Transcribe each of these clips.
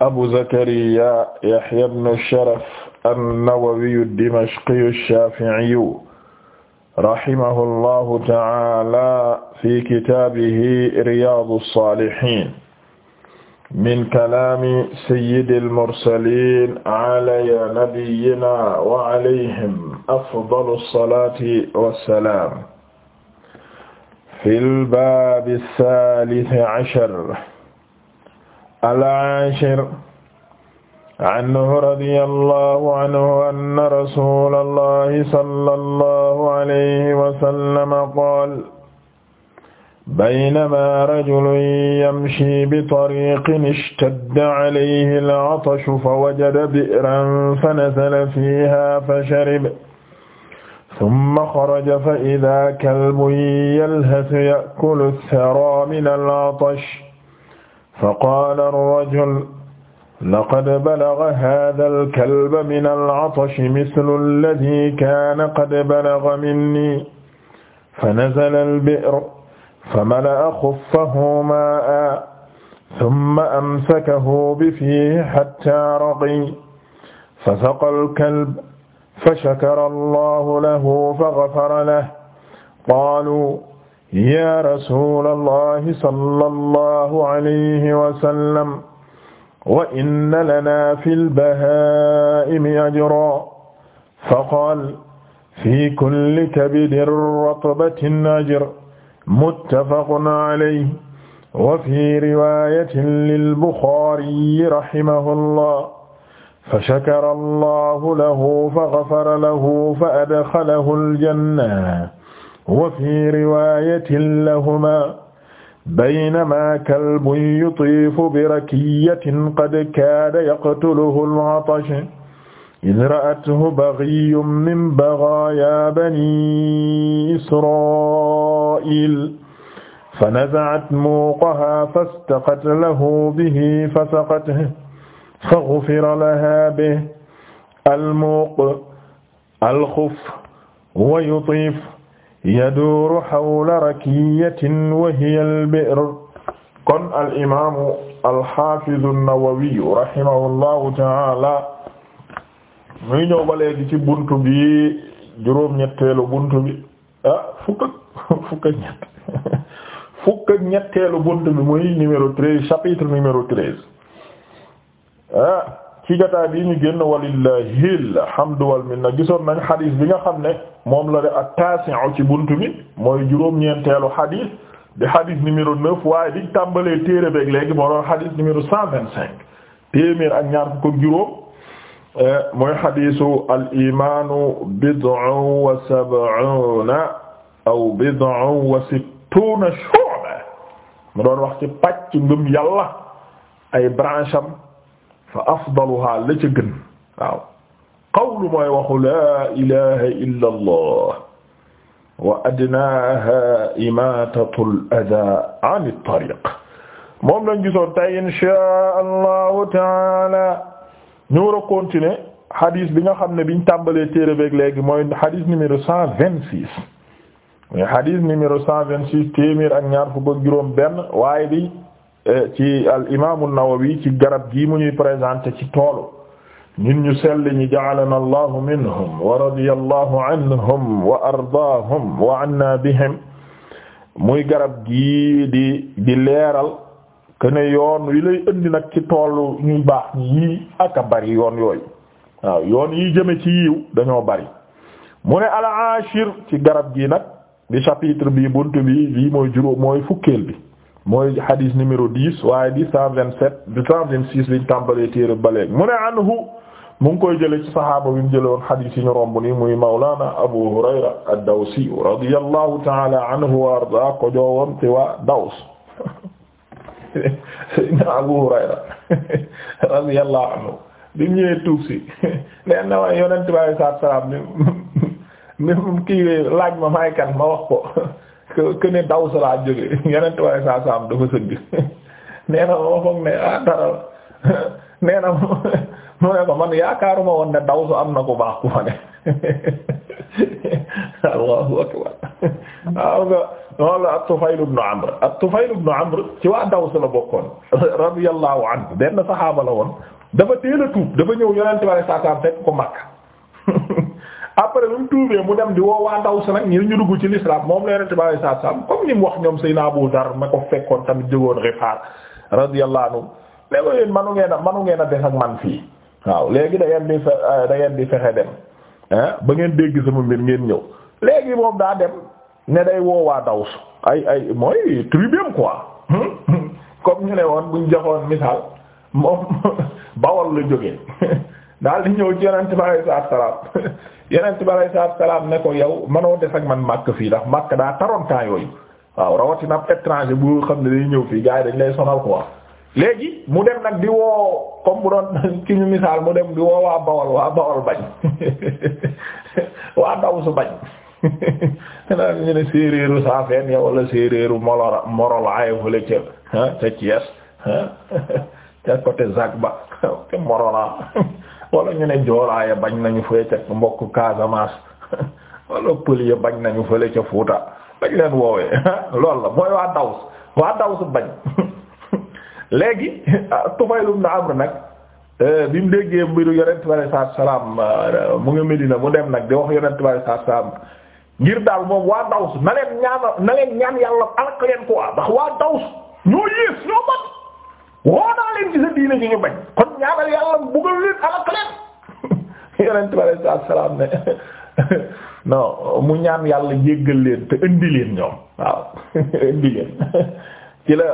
abu zakariya yahya ibnu sharaf an-nawawiyu ad-dimashqiyu ash-shafi'iyu rahimahu llahu ta'ala fi kitaabihi riyaadu saalihiin min kalaami sayyidil mursaliin alaa nabiyyinaa wa alayhim afdalu salaati wa salaam fil baabi saalisi ashar al-aashir anhu radiyallahu anhu anna rasuulallahi sallallahu alayhi wa sallam qaala baynamaa rajulun yamshii bitariiqin ishtadda alayhi al-atashu fawajada bi'ran fanazala fiihaa fashariba summa xaraja fa-idaa kalbun yalhasu ya'kulu ath-tharaa mina al-atash faqaala ar-rajul laqad balagha haadhal kalba minal atashi mislu alladhii kaana qad balagha minnii fanazala al-bi'r famala'a khuffahu maa'an thumma amsakahu bifiihi hattaa raqiya fasaqa al-kalb fashakara allahu lahu faghafara lahu qaaluu ya rasulalahi sallallahu alayhi wa sallam wa inna lana fil bahaa'imi ajran faqaala fi kulli kabidin ratbatin ajrun muttafaqun alayhi wa fi riwaayatin lil buxaari rahimahullah fashakara allahu lahu faghafara lahu fa adxalahu aljanna wa fi riwaayatin lahumaa baynamaa kalbun yutiifu birakiyyatin qad kaada yaqtuluhu al-'atash iz ra'athu baghiyyun min baghaayaa banii israa'iil fanaza'at muuqahaa fastaqat lahu bihi fasaqat faghufira lahaa bihi al-muuq al-khuf wa yutiif yaduuru xawla rakiyatin wa hiya al-bi'r kon al-imaamu al-xaafizu an-Nawawi rahimahullahu ta'aala muy ñëw ba léegi ci buntu bi juróom-ñetteelu buntu bi ah fukk ak fukk ak ñett fukk ak ñetteelu buntu bi muy numéro treize chapitre numéro treize ah. ci jotaay bii ñu génn walillahi alhamdu wal gisoon nañ xadis bi nga xam ne moom la de ak taasi'u ci buntu bi mooy juróom-ñeenteelu xadis di xadis numéro neuf waaye di tàmbalee téere beeg léegi moo doon xadis numéro cent vingt cinq téeméer ak ñaar fukk ak juróom eh, mooy xadisu al imaanu bid'un wa sab'una aw bid'un wa sittuna mu doon wax ci pàcc ngëm yàlla ay branche fa afdaluha la ca gën waaw qawlu mooy waxu laa ilaha illa allah wa adnaha imatatu al ada an al tariq moom lañ gisoon tey inshaa allahu taala ñu war a continuer hadith bi nga xam ne biñ tàmbalee téere beeg léegi mooy hadith numéro cent vingt six mooy hadith numéro cent vingt six téeméer ak ñaar fukk ak juróom benn waaye bi Eh, ci al imaamu Nawawi ci garab gii mu ñuy présenté ci toolu ñun ñu sell ñi ja'alana allahu minhum wa radiyallahu anhum wa ardaahum wa anna bihim muy garab gi di di leeral que ne yoon wi lay indi nag ci toolu ñuy baax yii aka bari yoon yooyu yoon yi jëme ci yiw dañoo bari mu ne al ashir ci garab gii nag di chapitre bi bunt bi lii mooy juróom mooy fukkeel bi mooy hadith numéro 10 waaye di 127 di 126 liñ tàmbalee téere baleeg mu ne anhu mu ngi koy jële ci sahaaba bi mu jële yi ñu romb nii muy mawlana abu hurayra ad-dawsi radiyallahu ta'ala anhu wa ko joowoon ci waa daws abu hurayra radiyallahu anhu bi ñëwee tuub leen na waaye yonent bi sallallahu alayhi wasallam ni kii laaj ma may kan ma wax ko que ne daw sa laa jóge yeneen tubaab saa dafa sëgg nee na ma foog ne ah dara nee mu ne ko man yaakaaruma woon ne daw sa am na ku baax ku ma ne Allahu akbar waaw nga noonu la Amr at-Tufayl Amr ci waa daw la bokkoon radiyallahu anhu benn saxaaba la woon dafa teel tuub dafa ñëw yeneen tubaab saa fekk ko Makka après lu mu tuubee mu dem di woo waa ndaw si nag ngir ñu dugg ci l'islam moom la yonent bi sallallahu alayhi wasallam comme ni mu wax ñoom Seydina Abu Dar ma ko fekkoon tamit jógoon Ghifaar radiyallahu anhu ne ko yéen manu ngeen a manu ngeen ak man fii waaw léegi da ngeen di fe euh, da ngeen di fexe dem ba ngeen dégg sama mbir ngeen ñëw léegi moom daa dem ne day woo waa Daws ay ay mooy tribeem quoi comme ñu ne woon buñ joxoon misaal moom Bawol la jógee daal di ñëw ci yonent bi yeneen bi alay salaam ne ko yow manoo def ak man màkk fii ndax màkk daa taroon temps yooyu waaw rawatina ab étranger bu xam ne day ñëw fii gars yi dañ lay sonal quoi léegi mu dem nag di woo comme bu doon ki ñu misaal mu dem di woo waa Bawol waa Bawol bañ waa daw bañ naa ñu ne séeréeru Saafeen ya wala séeréeru Morola Morola ay fële ca ah, ca Thiès ah, ca côté Zagba ca Morola wala ñu ne joolaaya bañ nañu fee ca mbokk Casamance wala pël ya bañ nañu fële ca Fuuta bañ leen woowee loolu la mooy waa Daws waa Daws bañ léegi Tufayl nag euh, bi mu déggee mbiru yonent bi alayhi salaam euh, mu ngi Medina mu dem nag di wax yonent bi alayhi salaam ngir daal moom waa Daws na leen ñaan na leen ñaan yàlla alak leen quoi ndax waa Daws ñoo yées ñoo mat woo naa leen ci sa diine ñu bañ kon ñaanal yàlla buggal leen alak leen yonent bi alayhi salaatu salaam ne non mu ñaan yàlla jéggal leen te indi leen ñoom waaw indi leen ci la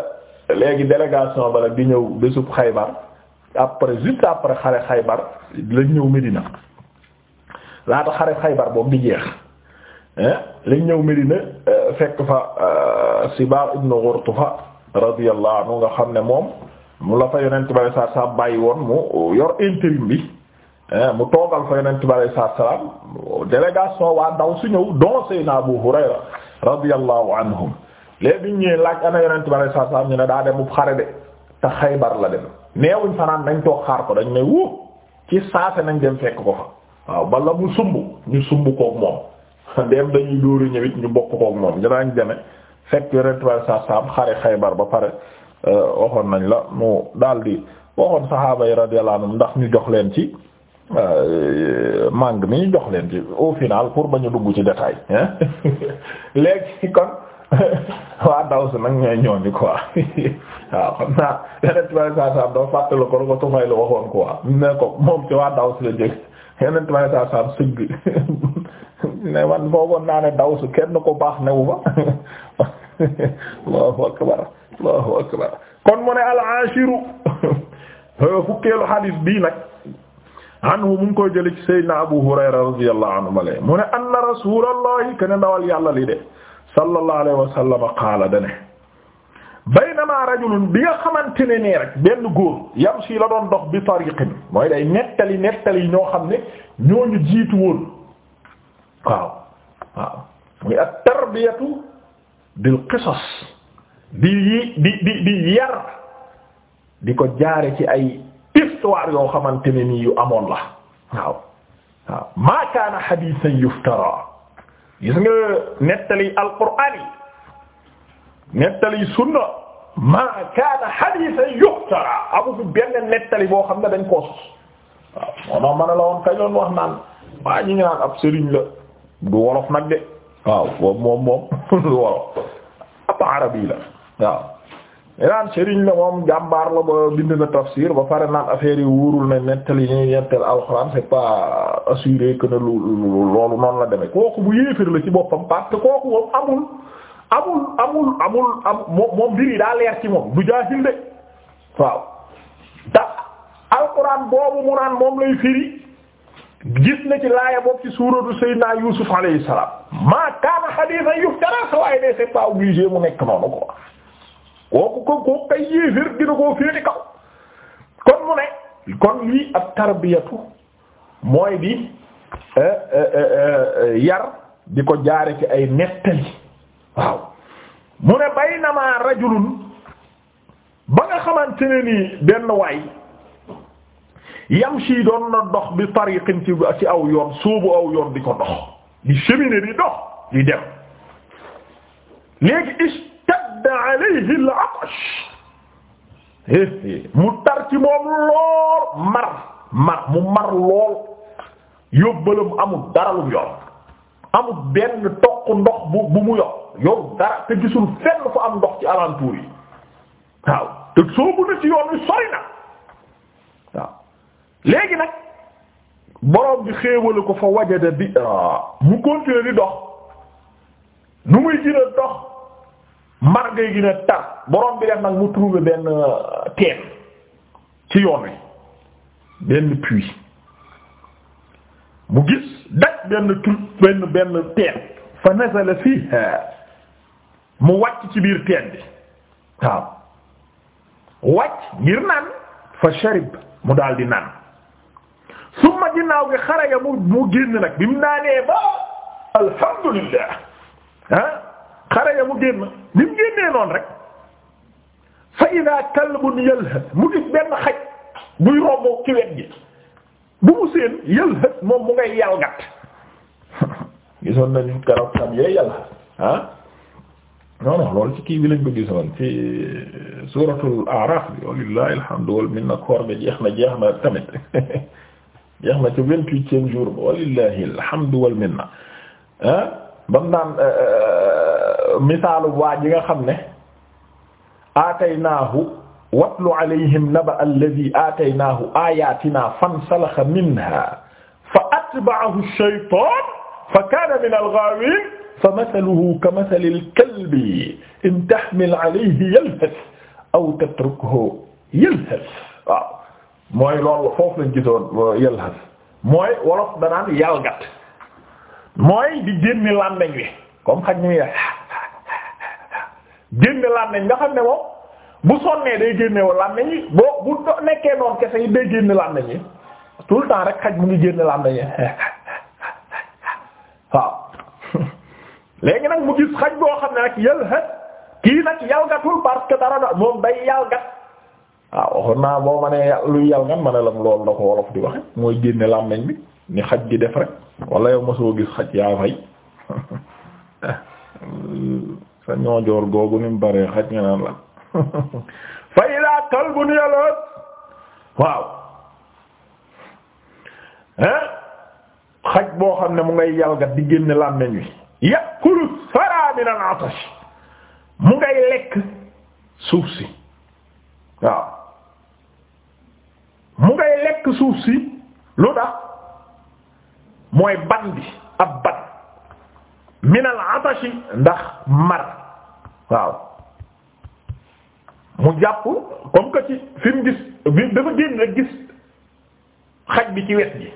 léegi délégation bala di ñëw bésub Xaybar après juste après xare Xaybar lañ ñëw Medina laata xare Xaybar boobu di jeex lañ ñëw Medina euh, fekk fa euh, Sibaar ibn Ghurtufa radiyallahu anhu nga xam ne moom mu la fa yonent bi alayhi salaam bàyyi woon mu yor intérim bi mu toogal fa yonent bi alayhi salaam délégation waa ndaw su ñëw don Seydina Abu Hurayra radiyallahu anhum léegi bi ñu ñëwee laaj ana yonent bi alayhi salaam ñu ne daa dem bu xare de te Xaybar la dem neewuñ fanaan nañ toog xaar ko dañ ne wu ci saase nañ dem fekk ko fa waaw bala mu sumb ñu sumb koog moom ndeem dañuy dóori ñëwit ñu bokk koog moom ñu daañ deme fekk yonent bi saa saam xare Xaybar ba pare euh, waxoon nañ la mu daldi waxoon saxaaba yi radiyallahu anhum ndax ñu jox leen ci euh, màng mi ñu jox leen ci au final pour ba ñu dugg ci détail léegi kon waa daw si nag ñooy ñooñu quoi waaw xam naa yonent bi saa saam doo fàttali ko lu ko Tufayl waxoon quoi ne ko moom ci waa daw si la jëkk yonent bi saa saam sëgg ne man foogoon naa ne daw su ko baax newu fa allahu akbar allahu akbar kon mu ne al ashiru euh, fukkeelu xadiis bii nag anhu mu ngi koy jële ci sayyidina abu hurayra radiyallahu anhu alayhi mu ne anna rasulallahi kana dawal yàlla li de sallallahu alayhi wa sallam qaala dane baynama rajulun bi nga xamante ne nii rek benn góor yamshi la doon dox bi tariqin mooy day nettali nettali ñoo xam ne ñooñu jiitu woon waaw waaw muy ak tarbiyatu bil qisas di di di di yar di ko jaare ci ay histoire yoo xamante ne nii yu amoon la waaw waaw maa kaana xadiisan yuftara gis nga nettali alquraan yi nettali sunna maa kaana xadiisan yuftara amu fi benn nettali boo xam ne dañ koo sos waaw moo noonu ma ne la woon kañ loon wax naan waa ñu ngi naan ab sëriñ la du wolof nag de waaw boobu moom moom du wolof ab arab la waaw naan sëriñ la moom jàmbaar la ba bind na tafsir ba pare naan affaire yi wóorul na nettali ñuy nettal alxuraan c'est pas assuré que ne loolu noonu la demee kooku bu yéefir la ci boppam parce que kooku moom amul amul amul amul moom mbir yi daa leer ci moom du jaahil de waaw te alxuraan boobu mu naan moom lay firi gis na ci laaya bopp ci suuratu Seydina Yuusuf alayhi salaam maa kaana hadiisan yuftara sa waaye de c'est pas obligé mu nekk noonu quoi kooku kooku kay yéefér dina lii ak tarbiyatu mooy di euh, euh, euh, yar di ko jaare ci ay nettali waaw mu ne baynamaa rajulun ba nga xamante ne nii benn waay yamshi doon na dox bi tariqin ci ci aw yoon sóobu aw yoon di ko dox di cheminer di dox di dem léegi istadda alayhi al-atash eh, eh, mu tar ci moom mar mu mar lool yóbbalam amul dara lu yor amul benn toq ndox bu mu yor yor dara te gisul fenn fu am ndox ci alentours yi waaw na ci yoon wi sori léegi nag borom bi xéewale ko fa wajade bi mu continuer di dox nu muy gën dox mar ngay gën tar borom bi def nag mu trouver benn euh, teen ci yoon wi benn puits mu gis daj benn tur benn benn teen fa nazala fiha mu wàcc ci biir teen bi waaw wàcc ngir naan fa sharib mu daal di naan summa ginnaaw gi xaraja mu mu génn nag bi mu naanee ba alhamdulillah ah xaraja mu génn bi mu génnee noonu rek fa ida kalbun yalhat mu gis benn xaj buy rombo ci wet gi bu mu seen yalhat moom mu ngay yalgat gisoon nañu garab tam yee yalhat ah non non loolu ci kii bi lañ ko gisoon ci suuratul a'raaf bi walillahi alhamdu wal minna koor bi jeex na jeex na tamit jeex na ci vingt-huitième jour ba walillahi alhamdu wal minna ah bam naan eh, eh, eh, misaalu waa ji nga xam ne aataynaahu watlu alayhim naba alladhi aataynaahu ayatina fansalakha minha fa atba'ahu ash-shaytan fa kana min al-ghawin fa mathaluhu kamathali al-kalbi in tahmil alayhi yalhath aw tatrukhu yalhath waaw mooy loolu foofu lañ gisoon euh, yëlxas mooy wolof danaan yalgat mooy di génne làmmeñ wi comme xaj ni génne làmmeñ nga xam ne moom bu sonnee day génne woon làmmeñ yi nekkee noonu kese yi day génne làmmeñ yi tout le temps rek xaj mu ngi génne làmmeñ yi waaw léegi nag mu gis xaj boo xam ne nag yëlxas kii nag yalgatul parce dara dara moom day yalgat waaw waxoon naa boo ma nee lu yàl ngan ma ne lam loolu la ko wolof di waxe mooy génne làmmiñ bi ni xaj di def rek wala yow mosoo gis xaj yaa fay sa ñoojoor googu ni mu baree xaj nga naan lan fa ilaa kalbun yaloot waaw hein xaj boo xam ne mu ngay yalgat di génne làmmiñ wi yakulu sara min al atash mu ngay lekk suuf si waaw mu ngay lekk suuf si lu tax mooy ban bi ab ban minal atashi ndax mar waaw mu jàpp comme que ci fi mu gis dafa génn gis xaj bi ci wet gi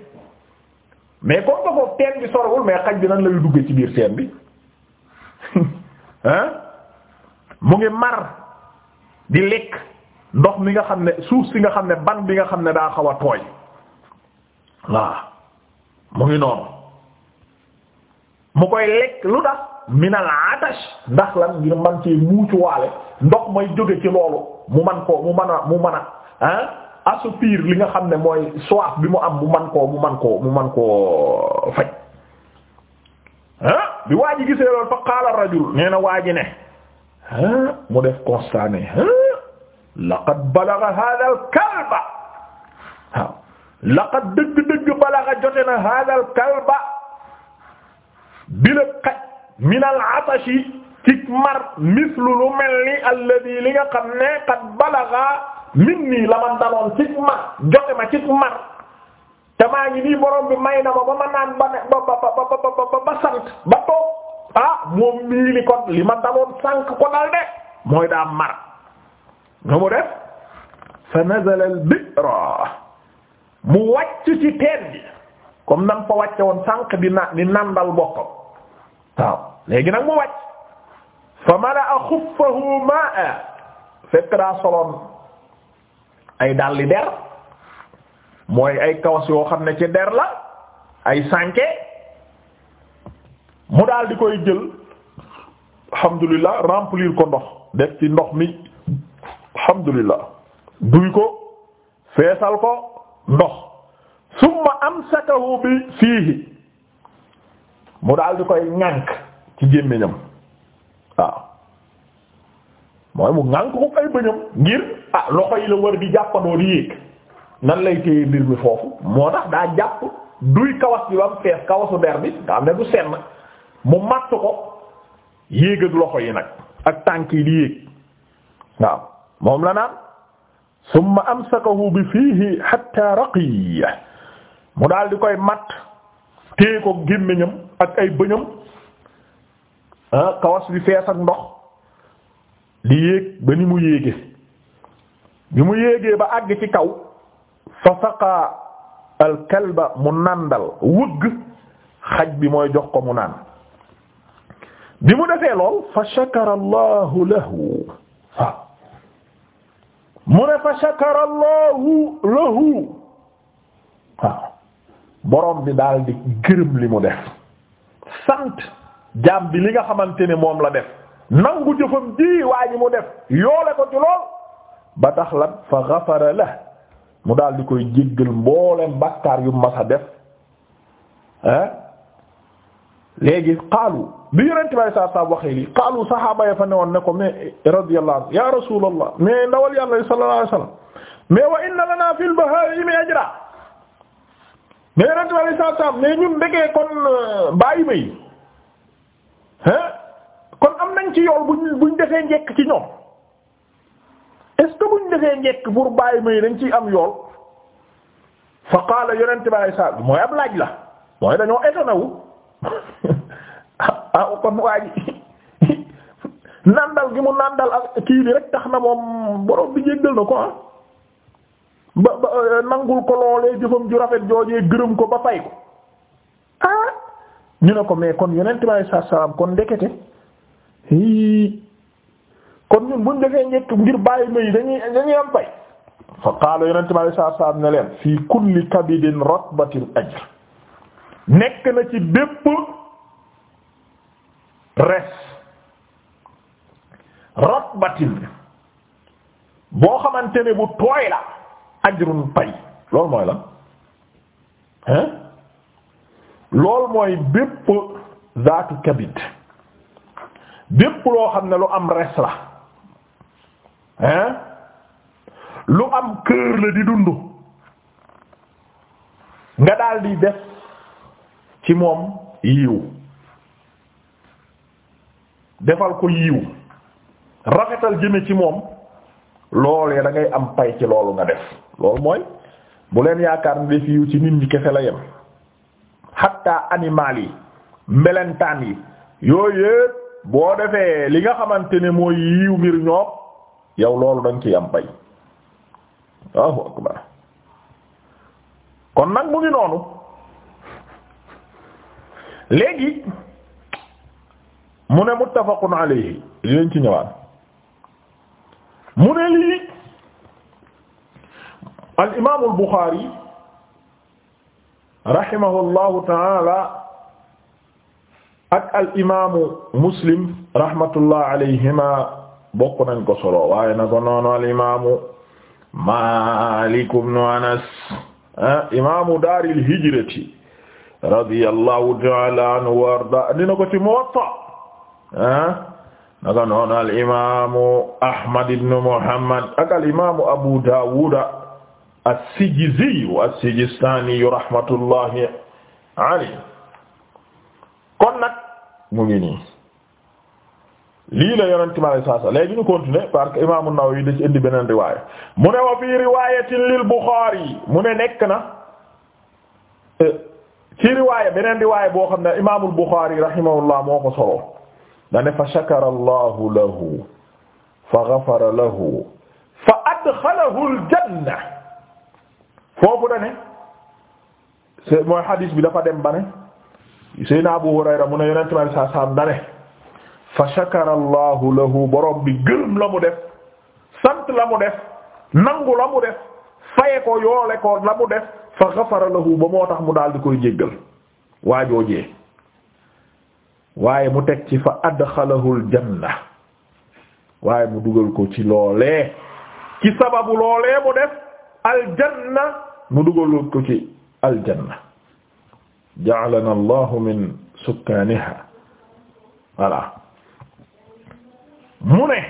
mais comme que foofu teen bi sorowul mais xaj bi nan lay duggee ci biir teen bi hein mu ngi mar di lekk ndox mi nga xam ne suuf si nga xam ne ban bi nga xam ne daa xaw a tooy waaw mu ngi noonu mu koy lekk lu tax minal atash ndax lan man ci muucu waale ndox may jóge ci loolu mu man ko mu man a mu man a ah assoupir li nga xam ne mooy soif bi mu am mu man koo mu man koo mu man koo faj ah bi waa ji gisee loolu fa qaala rajul nee na waa ji ne ah mu def constat ne laqad balagha hadha al kalba waaw laqad dëgg-dëgg balagha jote na hadha al kalba bila xaj min al atashi ci mar mislu lu mel ni alladhi li nga xam ne qad balagha minni la man daloon ci mar jote ma ci mar te maa ngi nii borom bi may na ma ma naan ba ne ba ba ba ba sant ba toog ah moom mii li li ma daloon sànq ko dal de mooy daa mar nu mu def fa nazala al mu wàcc ci teen bi comme nam fa wàcce woon sànq di na di nandal boppam waaw léegi nag mu wàcc fa mala'a xuffahu ma'a fekk daa soloon ay dalli der mooy ay kawas yoo xam ne ci der la ay sànke mu daal di koy jël alhamdulillah remplir ko ndox def ci ndox mi alhamdulillah duy ko feesal ko ndox summa amsakahu bi fiihi mu daal di koy ŋànk ci gémmiñam waaw mooy mu ŋànk ko ay bëñam ngir ah loxo yi la war di jàppandoo di yéeg nan lay téye mbir mi foofu moo tax daa jàpp duy kawas bi ba mu fees kawasu der bi nga xam ne du senn mu matt ko yéeg ak loxo yi nag ak tànk yi di yéeg waaw moom la naan summa amsakahu bi fiihi hatta raqi mu daal di koy mat téye ko gémmiñam ak ay bëñam kawas bi fees ak ndox di yéeg ba ni mu yéege bi mu yéegee ba àgg ci kaw fa saqa al kalba mu nàndal wëgg xaj bi mooy jox ko mu naan bi mu defee lool fa shakara allahu lahu waaw mu ne fa shakara allahu lahu waaw borom bi daal di gërëm li mu def sant jaam bi li nga xamante ne moom la def nangu jëfam ji waa ji mu def yoole ko ci ba tax la fa ghafara la mu daldi koy jéggal mboolem bàkkaar yu mas a def ah léegi qaalu bi yonent bi saa saa waxee lii qaalu saxaaba ya fa newoon ne ko mais radiyallahu ya rasulallah mais ndawal yàlla sallallahu alayhi wasallam mais wa inna lana fil bahaa'imi ajra mais yonent ñun ndekee kon euh, bàyyi ma yi hein am nañ ci yool bu buñ defee njekk ci ñoom est-ce que buñ defee njekk pour bàyyi ma dañ ci am yool fa qaala yonent bi saa mooy ab laaj la mooy dañoo étonné wu. ah kon gi mu nandal ak kii bi rek tax na moom borom bi jéggal na ko ah ba ba euh, nangul ko loolee jëfam ju rafet joojee gërëm ko ba fay ko ah ñu ne ko mais kon yonent bi alayhi salaam kon ndekete hii kon ñun buñ defee njëkk ngir bàyyi ma yi dañuy dañuy am fay fa qaala yonent bi alayhi salaam ne leen fii kulli kabidin ratbatin ajr nekk na ci bépp res ratbatin boo xamante ne bu tooy la ajrun pay loolu mooy lan hein loolu mooy bépp zaatu kabid bépp loo xam ne lu am res la hein lu am kër la di dund nga daal di def ci moom yiw defal ko yiw rafetal jëme ci moom loolee da ngay am pay ci loolu nga def loolu mooy bu leen yaakaar ni def yiw ci nit ñi kese la yem xatta animal yi mbelentaan yi yooyu boo defee li nga xamante ne mooy yiw mbir ñoom yow loolu danga ci am pay kon nag mu ngi noonu léegi mu ne muttafaqun alayhi li lañ ci ñëwaat mu ne lii al imaamu al Buxaari rahimahu llahu taala ak al imaamu Muslim rahmatullah alayhima bokk nañ ko solo waaye na ko noonu al imaamu Maalik ibnu Anas ah, imaamu daaril hijrati radiyallahu ta'ala anhu wa arda dina ko ci Muwatta ah naka noonu al imaamu Ahmad ibn Muhammad ak al imaamu Abu Dawud as-Sijizi as-Sijistani rahmatullahi alayhi kon nag mu ngi nii lii la yonent ma lay saasa léegi ñu continuer parce que imaamu Nawawi da ci indi beneen riwaaya mu ne wa fii riwaayatin lil Bukhari mu ne nekk na. Eh, ci riwaaya beneen riwaaya boo xam ne imaamul Buxaari rahimahullah moo ko solo dane fa shakara allahu lahu fa ghafara lahu fa adxalahu aljanna foofu dane c'est mooy hadis bi dafa dem ba ne Seydina Abu Hurayra mu ne yonent bi saa saam fa shakara allahu lahu borom bi gërëm la mu def sant la mu def nangu la mu def faye ko yoole ko la mu def fa xafara lahu ba moo tax mu daldi di koy jéggal waajoojee waaye mu teg ci fa adxalahul janna waaye mu dugal ko ci loolee ci sababu loolee mu def aljanna mu dugal ko ci aljanna ja'alana allahu min sukkaaniha voilà mu ne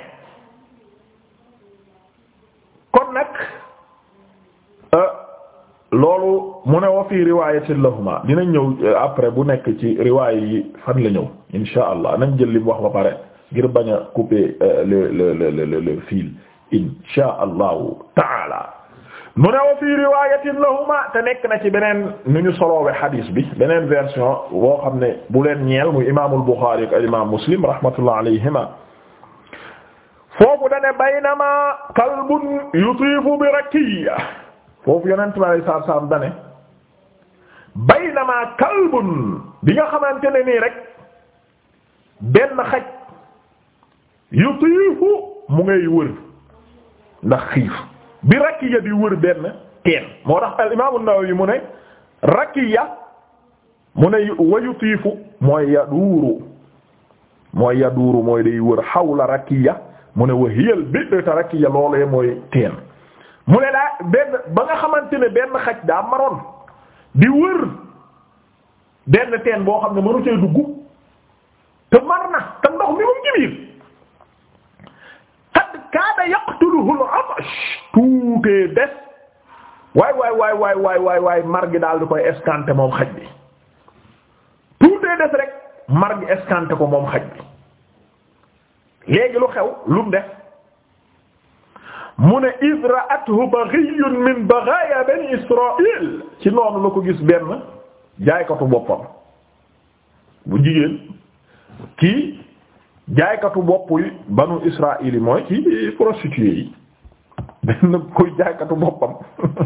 kon nag euh, loolu mu ne wa fii riwaayatin lahuma dina ñëw euh, après bu nekk ci riwaay yi fan le ñëw insha allah nañ jël li wax ba pare ngir bañ a couper euh, le le le le le fil insha allahu taala mu ne wa fii riwaayatin te nekk na ci beneen nu ñu soloowe hadis bi beneen version boo xam ne bu leen ñeel muy imaamul Buxaari ak imaam Muslim rahmatullah alayhima foofu dane baynama kalbun yutiifu bi rakkiya foofu yonent bi alayhi salaatu salaam dane baynama kalbun bi nga xamante ne nii rek benn xaj yutiifu mu ngay wër ndax xiif bi rakiya di wër benn teen moo tax al imaam an-Nawawi mu ne rakiya mu ne wa yutiifu mooy yaduuru mooy yaduuru mooy day wër xawla rakiya mu ne wa hiyal bi'r rakiya loolee mooy teen mu ne daa benn ba nga xamante ne benn xaj daa maroon di wër benn teen boo xam ne mënu cee dugg te mar na te ndox mi moom ci tuutee des waay waay waay waay waay waay waay mar gi daal di koy escanté moom xaj bi tuutee des rek mar gi escanté ko moom xaj bi léegi lu xew lu mu def mu ne iz ra'athu baghiyun min baghaya bani israil ci noonu la ko gis benn jaaykatu boppam bu jigéen kii jaaykatu bopp yi banu yi mooy ci prostituée yi benn koy jaaykatu boppam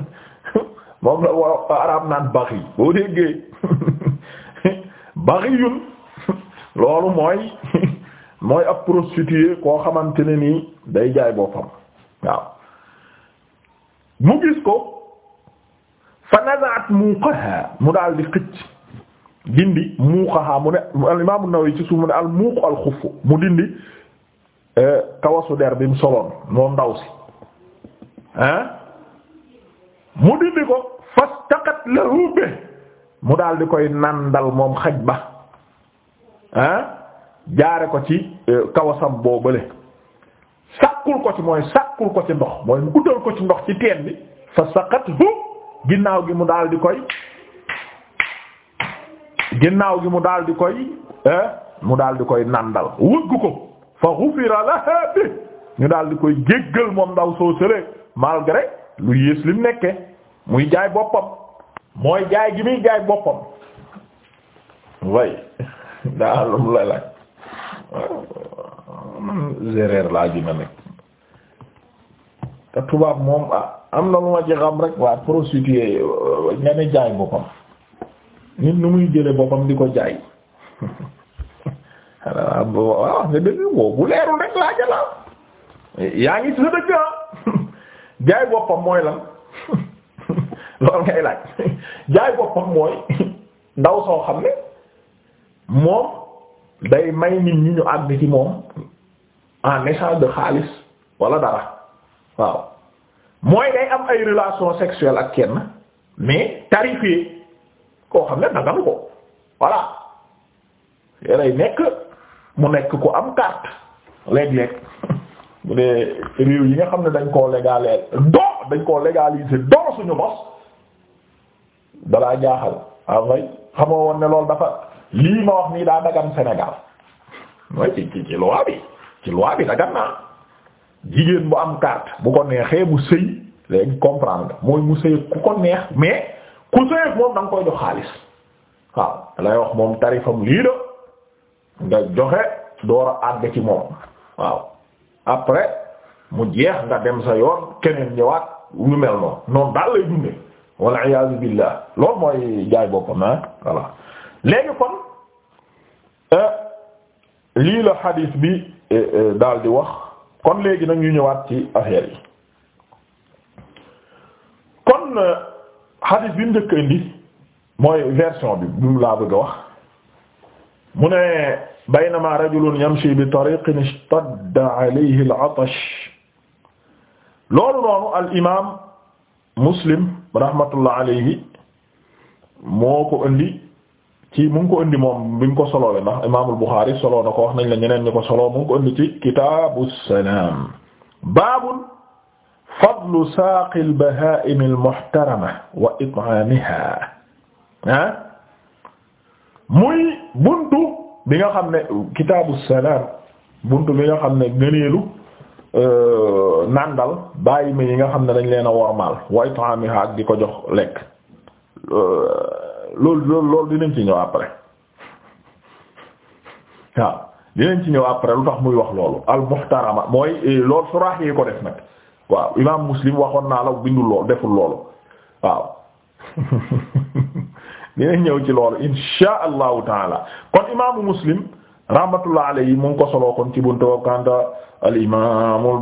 moom la war araam naan baghi boo déggee baghiyun loolu mooy mooy ab prostituée koo xamante ne nii day jaay boppam waaw mu gis ko fa nazaat muuqaha mu daal di xëcc dindi muuqaha mu ne al imaamu Nawawi ci suuf mu ne al muuq al mu dindi euh, kawasu der bi mu soloon moom ndaw si mu dindi ko fastaqat lahu bi mu daal di koy nandal moom xaj ba jaare ko ci euh, kawasam boobale sàkkul ko ci mooy sàkkul ko ci ndox mooy mu utal ko ci ndox ci teen bi fa saqathu ginnaaw gi mu daal di koy ginnaaw gi mu daal di koy mu daal di koy nàndal wëgg ko fa ghufira laha bi ñu daal di koy jéggal moom ndaw soo sëlee malgré lu yées lim nekke muy jaay boppam mooy jaay gi muy jaay boppam way daa lum la laaj man laa ji na nekk tubaab moom ah, am na lu ma ci xam rek waa prostituée nga euh, ne jaay boppam nit nu muy jële boppam di ko jaay waaw ah, ah, nga dëgg boobu leerul rek laa jëlaat yaa ngi sa jaay boppam mooy la loolu ngay laaj jaay boppam mooy ndaw soo xam ne moom day may nit ñi ñu àgg ci moom en échange xaalis wala dara waaw mooy day am ay relation sexuelle ak kenn mais tarifé koo xam ne daganu ko voilà yéenay nekk mu nekk ku am carte léeg-léeg bu dee réew yi nga xam ne dañ koo légaliser doo dañ koo légaliser doo suñu bos dalaa jaaxal avay ah, xamoo woon ne loolu dafa lii ma wax nii daa dagan Sénégal mooy ci ci ci loi bi ci loi bi dagan naa jigéen bu am carte bu ko neexee bu sëy léegi comprendre mooy mu sëy ku ko neex mais ku sëyeeg moom da koy jox xaalis waaw lay wax moom tarifam lii da nga joxe door a àgg ci moom waaw après mu jeex nga dem sa yoon keneen ñëwaat lu mel noonu noonu daal lay dunde walla iyaazu billaah loolu mooy jaay boppam ah léegi kon euh, lii la xadiis bi euh, euh, daal di wax kon léegi nag ñu ñëwaat ci affaire yi kon euh, hadith bi mu njëkk indi mooy version bi bi mu laa bëgg a wax mu ne baynama rajulun yamshi bi tariqin ishtadda alayhi al-atash loolu noonu al imam muslim rahmatullah alayhi moo ko indi ci mu ngi ko indi moom bi mu ko soloowe ndax imaamul Buxaari soloo na ko wax nañ la ñeneen ñu ko soloo mu ngi ko indi ci kitaabu salaam baabul fadlu saaqil bahaa'imil muhtarama wa it'aamihaa ah muy bi nga xam ne kitaabu salaam buntu bi nga xam ne gëneelu euh, nandal bàyyi yi nga xam ne dañ leen a wormaal ak di ko jox lekk euh, loolu loolu loolu dinañ ci ñëw après waaw dinañ ci ñëw après lu tax muy wax loolu al muhtarama mooy eh, loolu suraax yi ko def nag waaw imaam muslim waxoon naa la bindul loolu deful loolu waaw dinañ ñëw ci loolu insha allahu taala kon imaamu muslim rahmatullah alayhi mu ngi ko soloo ci buntu wa kanta al imaamul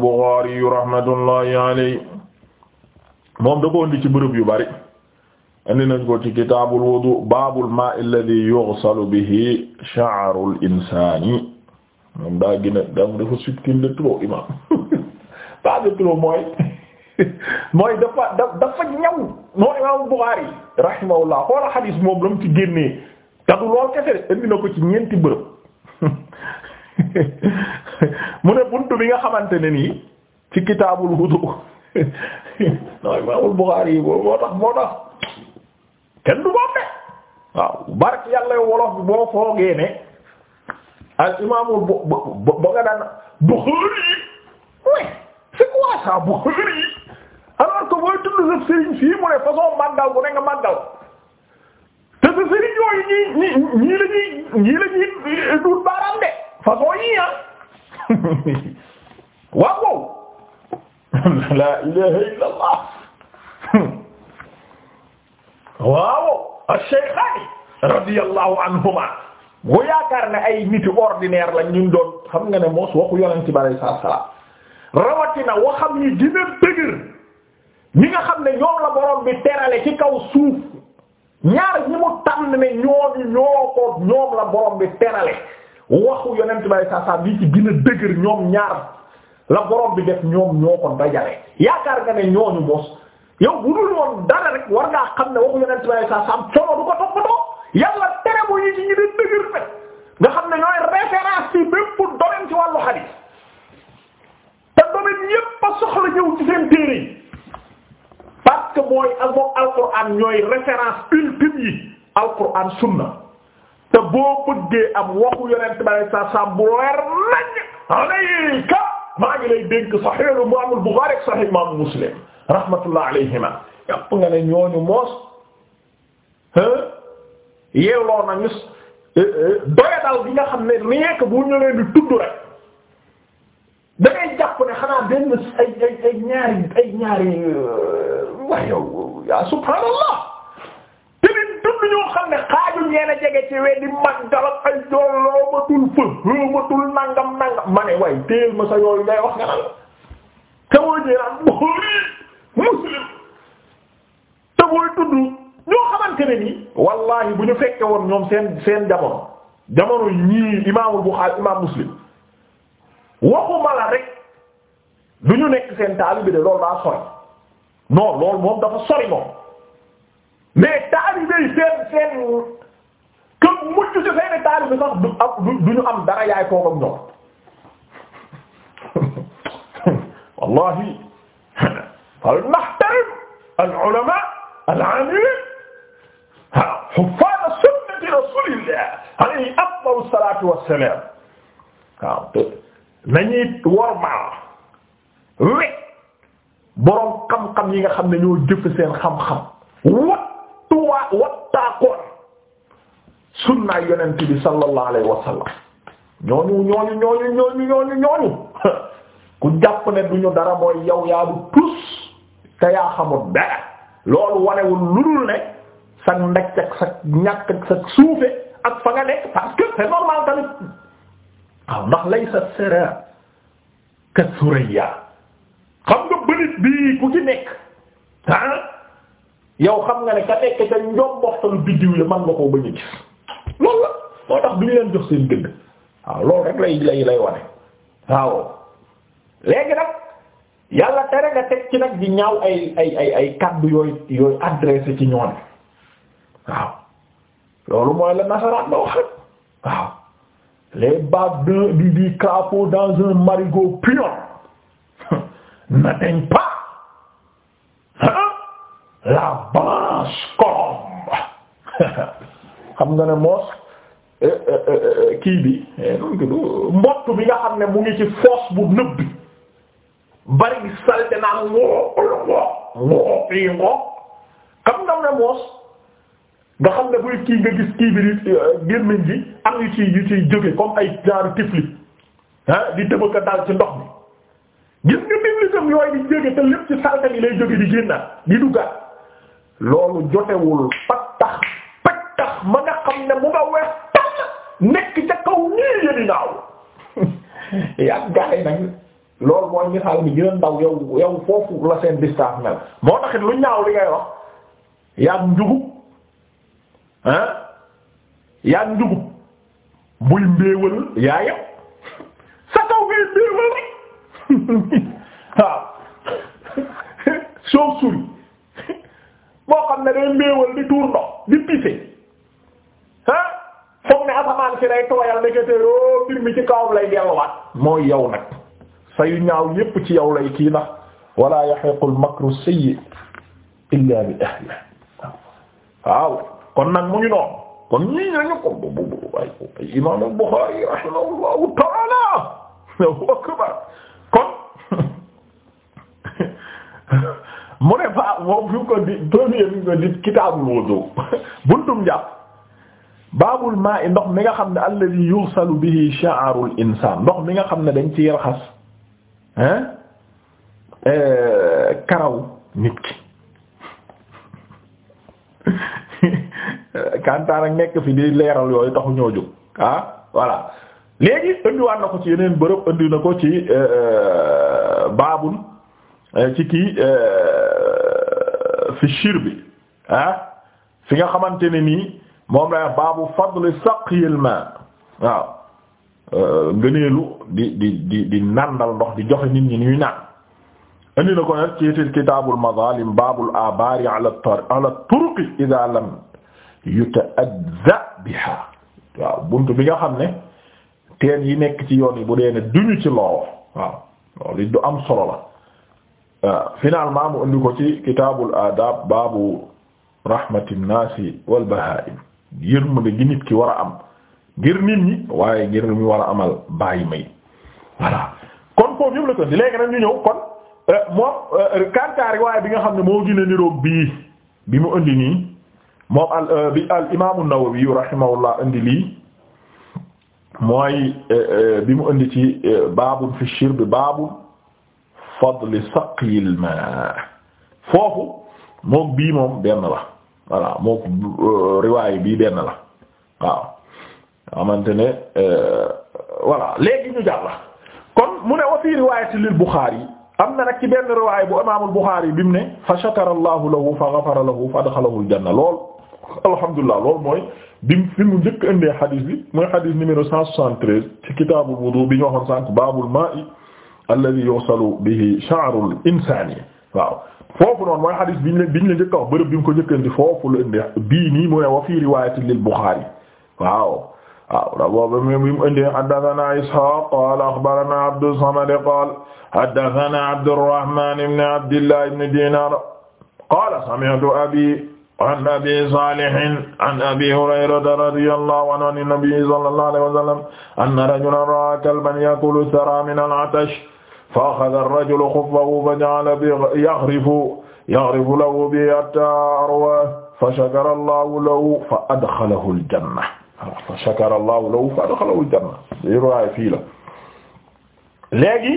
rahmatullahi alayhi moom da ci bërëb yu bari indi nañ ko ci kitaabul wudu baabul maa alladhi yughsalu bihi sha'rul insaani moom daa gën a dam dafa sutkin de trop imam pas de trop mooy mooy dafa da dafa ñaw noo imaamu Buxaari rahimahullah xoola xadiis moom la mu ci génnee te du lool kese indi na ko ci ñeenti bërëb mu ne buntu bi nga xamante ne nii ci kitaabul wudu noo imaamul Buxaari yi boobu moo tax moo tax kenn du moom de waaw wolof bi boo foogee ne al imaamul bo- bo- bo- ba daan Bukhari oui c'est quoi ça Bukhari alors que booy tudd sa sëriñ ne façon màggal bu nga màggal te sa sëriñ yooyu ñii ñii la ñuy ñii la ñuy duut baaraam de façon yii ah waaw waaw ash-shaykhani radiyallahu anhuma bu yaakaar ne ay nit ordinaire lañ ñun doon xam nga ne moos waxu yonent bi alayhi salaam rawatina waxam yi dina dëgër ñi nga xam ne ñoom la borom bi terale ci kaw suuf ñaar ñi mu tànn ne ñooñu ñoo ko ñoom la borom bi terale waxu yonent bi alayhi salaam yi ci dina dëgër ñoom ñaar la borom bi def ñoom ñoo ko dajale yaakaar nga ne ñooñu moos yow bu dul woon dara war ngaa xam ne waxu yonent bi saa saam solo du ko toppatoo yàlla tere bu yi ci ñi di dëgër fekk nga xam ne ñooy référence ci bépp domaine ci wàllu xadiis te domaine yépp a soxla ñëw ci seen téere yi mooy ak moom alquran ñooy référence ultime yi alquran sunna te boo bëggee am waxu yonent bi saa saam bu leer nañ alayka maa ngi lay dénk Sahih Imam Bukhari ak Sahih Imam Muslim rahmatullah alayhima yàpp nga ne ñooñu moos yeewloo na ñus eh, eh, doyadal bi nga xam ne rien que bu ñu leen di tudd rek da ngay jàpp ne xanaa benn ay ay ay ñaari ay euh, yaa subhaanallah te leen tudd ñoo xam ne xaaju ñeena jege ci we di galab ay jool loo matul fa loo matul nangam nangam ma ne yooyu ngay wax nga nag te muslim te mooy tudd ñoo xamante ne nii wallahi bu ñu fekke woon ñoom seen seen jamono jamono ñii imaamul Buxaari imaam muslim waxuma la rek du ñu nekk seen taalibe de loolu daa sori non loolu moom dafa sori moom mais taalibe seen seen kër mucc ci seen taalibe sax du am du ñu am dara yaay toog ak ñoom wallahi fal naxtarim al ulama al amilin huffaaz sunnati rasulillah alayhi afdalu salaatu wassalaam waaw nañuy wormaal wekk boroom xam-xam yi nga xam ne ñoo jëf seen xam-xam wattu waa wattaakoon sunnaay yonent bi sallallahu alayhi wa sallam ñooñu ñooñu ñooñu ñooñu ñooñu ñooñu ku jàpp ne duñu dara mooy yow yaa du tus te yaa xamul dara loolu wanewul lu dul ne sa ndacc ak ñàkk ak suufe ak fa nga nekk parce que c'est normal tamit waaw ndax laysa sara ka suraya xam nga bënit bii ku ci nekk ah yow xam nga ne ka nekk ca njom boxtalu biddiw yi man nga koo bañ a gis loolu la moo tax du ñu leen jox seen dëgg waaw loolu rek lay lay lay wane waaw léegi nag yàlla tere nga teg ci nag di ñaaw ay ay ay ay kaddu yooyu yooyu adressé ci ñoom waaw loolu mooy la nasaraan la waaw les babes d'un du du dans un marigot pion n'atteignent pas hein, la balance comme xam nga ne moos eh, eh, eh, kii bi mbott bi nga xam ne mu ngi ci force bu nëbbi bari salte naa ngoo ngoo ngoo fii ngoo xam nga ne moos nga xam ne buy kii nga gis kii bi di euh, gémmiñ gi am yu ci yu ciy jóge comme ay genre tifli ah di tëb a dal ci ndox mi. gis nga tiflitam yooyu di jóge te lépp ci salte gi lay jóge di génnaat di duggaat loolu jotewul pattax pattax ma nga xam ne mu nga weex tax nekk ca kaw nii yëdi naaw yàgg gaay nag. loolu mooy misaal mi gën a ndaw yow yow foofu la seen distance mel moo taxit lu ñaaw li ngay wax yaag njugub ah yaag njugub buy mbéewal yaa yam sa kaw ngay mbéewal rek waaw chauve moo xam ne day mbéewal di tuur ndox di pisse ah foog ne asamaan si day tooyal nekkete yoo oh, mbir mi ci kawam lay delluwaat mooy yow nag sa yu ñaaw yépp ci yow lay kii ndax wala yahiqul makru sayyi illa bi ahli waaw kon nag mu ngi noonu kon ñii nañu ko bu bu bu ay akbar kon mu ne fa moom fi ko di premier bi ko di kitaabul wudu buntum jàpp baabul maa'i ndox mi nga xam ne alladhi yughsalu bihi sha'rul insaan ndox mi nga xam ne dañ hein euh, karaw nit kantaan ak nekk fi di leeral yooyu taxu ñoo jóg ah voilà léegi indiwaat na ko ci yeneen bërëb indi na ko ci euh, euh, baabul ci kii fi shir bi ah fi nga xamante ne nii moom la baabu fadl saqyil ma waaw ngëneelu di di di di nandal ndox di joxe nit ñi ñuy naan indi na ko nag ci kitaabul mazaalim baabul abaari ala ala turuqi idaa lam yuta'adda biha buntu bi nga xam ne teen yi nekk ci yoon yi bu dee ne ci lool waaw loolu am solo la finalement mu indi ko ci kitaabul adab baabu rahmatin naasi wal bahaa'im yërmande gi nit ki war a am. ngir nit ñi waaye ngir lu mu war a amal bàyyi may voilà kon foofu yëpp la ko di léegi nag kon euh, moom euh, kantaari bi nga xam ne moo gën a bii bi mu indi nii moom al euh, bi al imaamu Nawawi rahimahullah indi lii mooy bi mu indi ci baabun fi shirb baabun fadli foofu mook bii moom benn la voilà mook riwaay bii benn la xamante ne euh, voilà léegi ñu jàll kon mu ne wa fii riwaayati lil Buxaari am na nag ci benn riwaay bu imaamul Buxaari bi mu ne fa shakara Allahu lahu fa ghafara lahu lool alhamdulilah loolu mooy bim fi mu njëkk indee xadis bi mooy xadis numéro 173 ci kitaabul wudu bi ñu waxoon sànq baabul maa'i alladhi yughsalu bihi sha'rul insaani a bi mu ko njëkk a indi foofu la indee bii nii mu wa lil Buxaari waaw da booba mi mu indi haddathana Ishaq qala akhbarana Abdus Samad qala haddathana Abdurrahman ibn Abdillah ibn Dinar qala sami'tu abi an abi Salih an abi Hurayrata radiyallahu anhu an nabi sallallahu alayhi wa sallam anna rajulan ra'a kalban yakulu thara min al-'atash fa akhadha ar-rajulu khuffahu fa ja'ala yaghrifu yaghrifu lahu bihi hatta arwahu fa shakara Allahu lahu fa adkhalahu al-janna waaw fa shakara allahu lahu fa adxalahu janna li riwaaya fii la léegi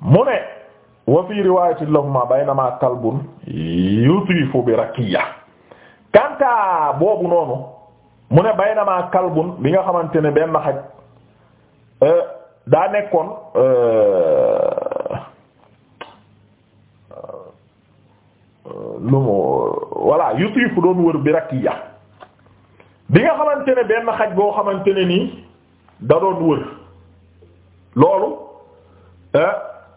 mu ne wa fii riwaayatin lahuma baynama kalbun yutifu bi rakiya kanta boobu noonu mu ne baynama kalbun bi nga xamante ne benn xaj e, daa nekkoon e, e, lu mu walla yutifu doon wër bi rakiya bi nga xamante ne benn xaj boo xamante ne nii da doon wër loolu eh,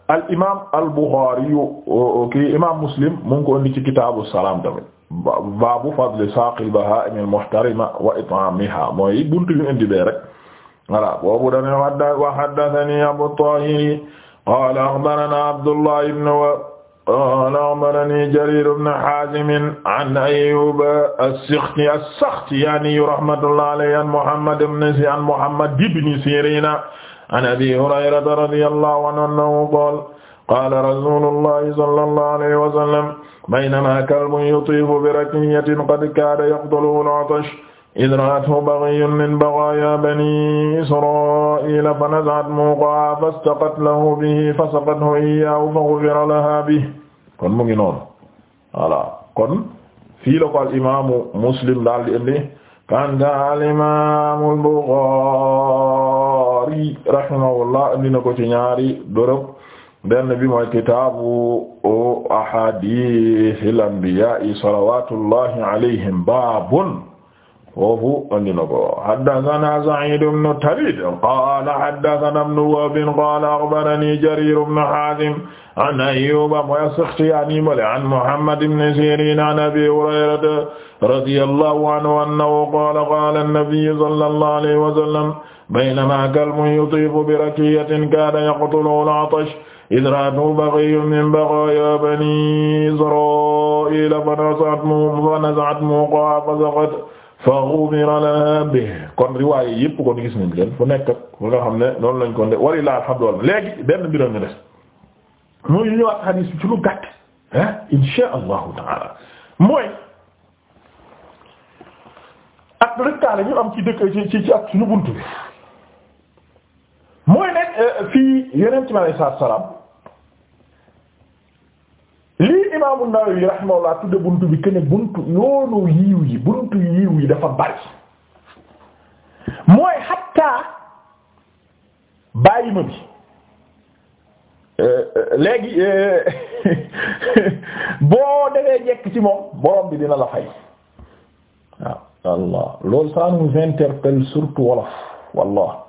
al imaam al Buxaari eh, kii imaam Muslim mu ngi ko indi ci kitaabu salaam tamit baabu fadli saaqil bahaa'im al muhtarima wa it'aamiha mooy buntu yu indi bee rek voilà boobu dana wa haddathanii Abu Taahir qaala akhbaranaa Abdullah ibn qaala axbaranii Jariir ibn Haazim an Ayyuub as-Saxti as-Saxtiyaani rahmatullahi alayhi an Muhammad ibn an Muhammad ibn Siriin an Abii Hurayrata radiyallahu anhu qaala qaala rasuulullahi sallallahu alayhi wa sallam baynamaa kalbun yutiifu bi rakiyatin qad kaada yaqtuluhu al-'atash إذ رأته بغي من بغايا بني إسرائيل فنزعت موقعها فاستقت له به فسقته إياه فغفر لها به kon mu ngi noonu voilà kon fii la ko al imaamu Muslim daal di indi kan al imaamu al-Buxaari rahimahullah indi na ko ci ñaari dërëb benn bi mooy kitaabu ahaadiisil anbiyaa'i salawaatullahi alayhim baabun foofu andi na ko haddathana Sa'id ibn Tarid qala haddathana ibn Wahb qala akhbarani Jarir ibn Hazim an Ayyub mooy as-Sakhtiyani male an Muhammad ibn Sirin an Abi Hurayrata radiyallahu anhu annahu qala qala an-nabiy sallallahu alayhi wa sallam baynama kalbun yutifu bi rakiyatin kana yaqtuluhu al-'atash idh ra'athu baghiyyun min baghaya bani Isra'ila fanaza'athu fanaza'athu fa ghufira laha kon riwaay yëpp kon gis nañ leen fu nekk ba nga xam ne noonu lañ ko de walillahi alhamdulillah benn mbir nga des mooy ñu ñëwaat xadiis bi ci lu gàtt ah insha allahu taala mooy ak lëkkaale ñu am ci dëkk ci ci ak suñu bunt bi mooy ne euh, fii ci ma alay salaam imaamu Nawawi rahimahullah tudde buntu bi kenn buntu yoonu yiiw yi buntu yiw yi dafa bari mooy xattaa bàyyi ma bi eh, eh, léegi eh, boo defee jekk ci moom borom bi dina la fay waaw ah, loolu ça nous interpelle surtout wolof wallah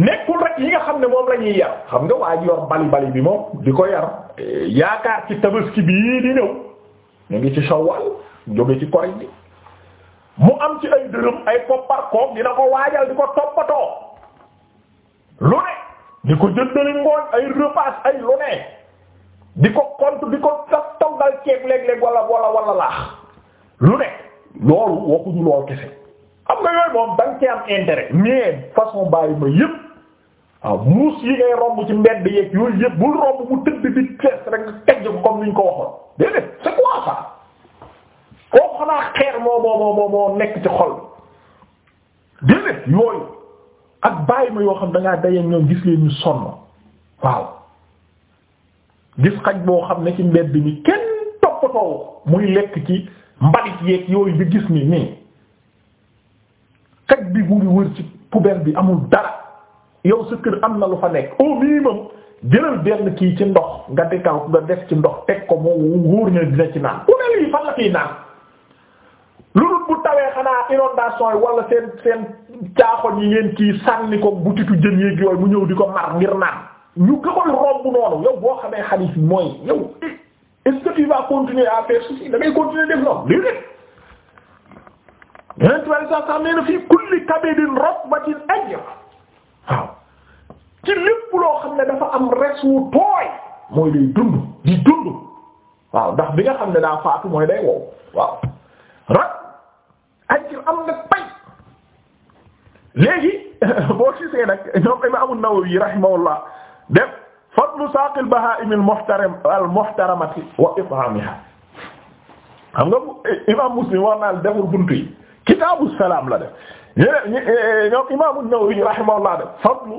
nekkul rek yi nga xam ne moom lañuy yar xam nga waa ji yor bali bali bi moom di ko yar yaakaar ci tabaski bii di ñëw ñu ngi ci shawwal jóge ci kori bi mu am ci ay dërëm ay koppar koom dina ko waajal di ko toppatoo lu ne di ko jëndali ngooñ ay repas ay lu ne di ko compte di ko taf toggal ceeb léeg-léeg wala wala wala laax lu ne loolu waxuñu lool kese xam nga yooyu moom danga ci am intérêt mais façon bàyyi ma yépp waaw muus yi ngay romb ci mbedd yeeg yooyu yëpp bul romb bu tëdd bi fees rek teg ko comme niñ ko waxoon déedéet c'est quoi ça koo xanaa xeer moo moo moo nekk ci xol bi déedéet yooyu ak bàyyi ma yoo xam dangaa daye ñoom gis leen ñu sonn waaw gis xaj boo xam ne ci mbedd mi kenn toppatoo muy lekk ci mbalit yeeg yooyu bi gis nii nii xaj bi bu wër ci poubelle bi amul dara yow sa kër am na lu fa nekk au minimum jëlal benn kii ci ndox nga dekkal nga def ci ndox teg ko moom wóor na dina ci naan ku ne lii fan la kiy naan lu dul tawee xanaa inondation yi wala seen seen caaxoñ yi ngeen kii sànni ko butitu jën yéeg yooyu mu ñëw di ko mar ngir naan ñu ka koy romb noonu yow boo xamee xalis mooy yow est-ce que tu continuer à faire ceci da continuer def noonu lii rek yeneen tubaab yi sax sax nee na fii kulli kabidin rotbatin ajr ci lépp loo xam ne dafa am res wu tooy mooy day dund di dund waaw ndax bi nga xam ne daa faatu mooy day wow waaw rat ajjir am nag pay léegi boo gisee nag ñoom Imam An-Nawawi rahimahullah def fadlu saaqil bahaa'im al-muhtaram al wa it'amiha Imam Muslim wax naa defur buntu yi kitaabu salaam la def ñeneen ñoom imaamu Nawawi rahimahullah def fadlu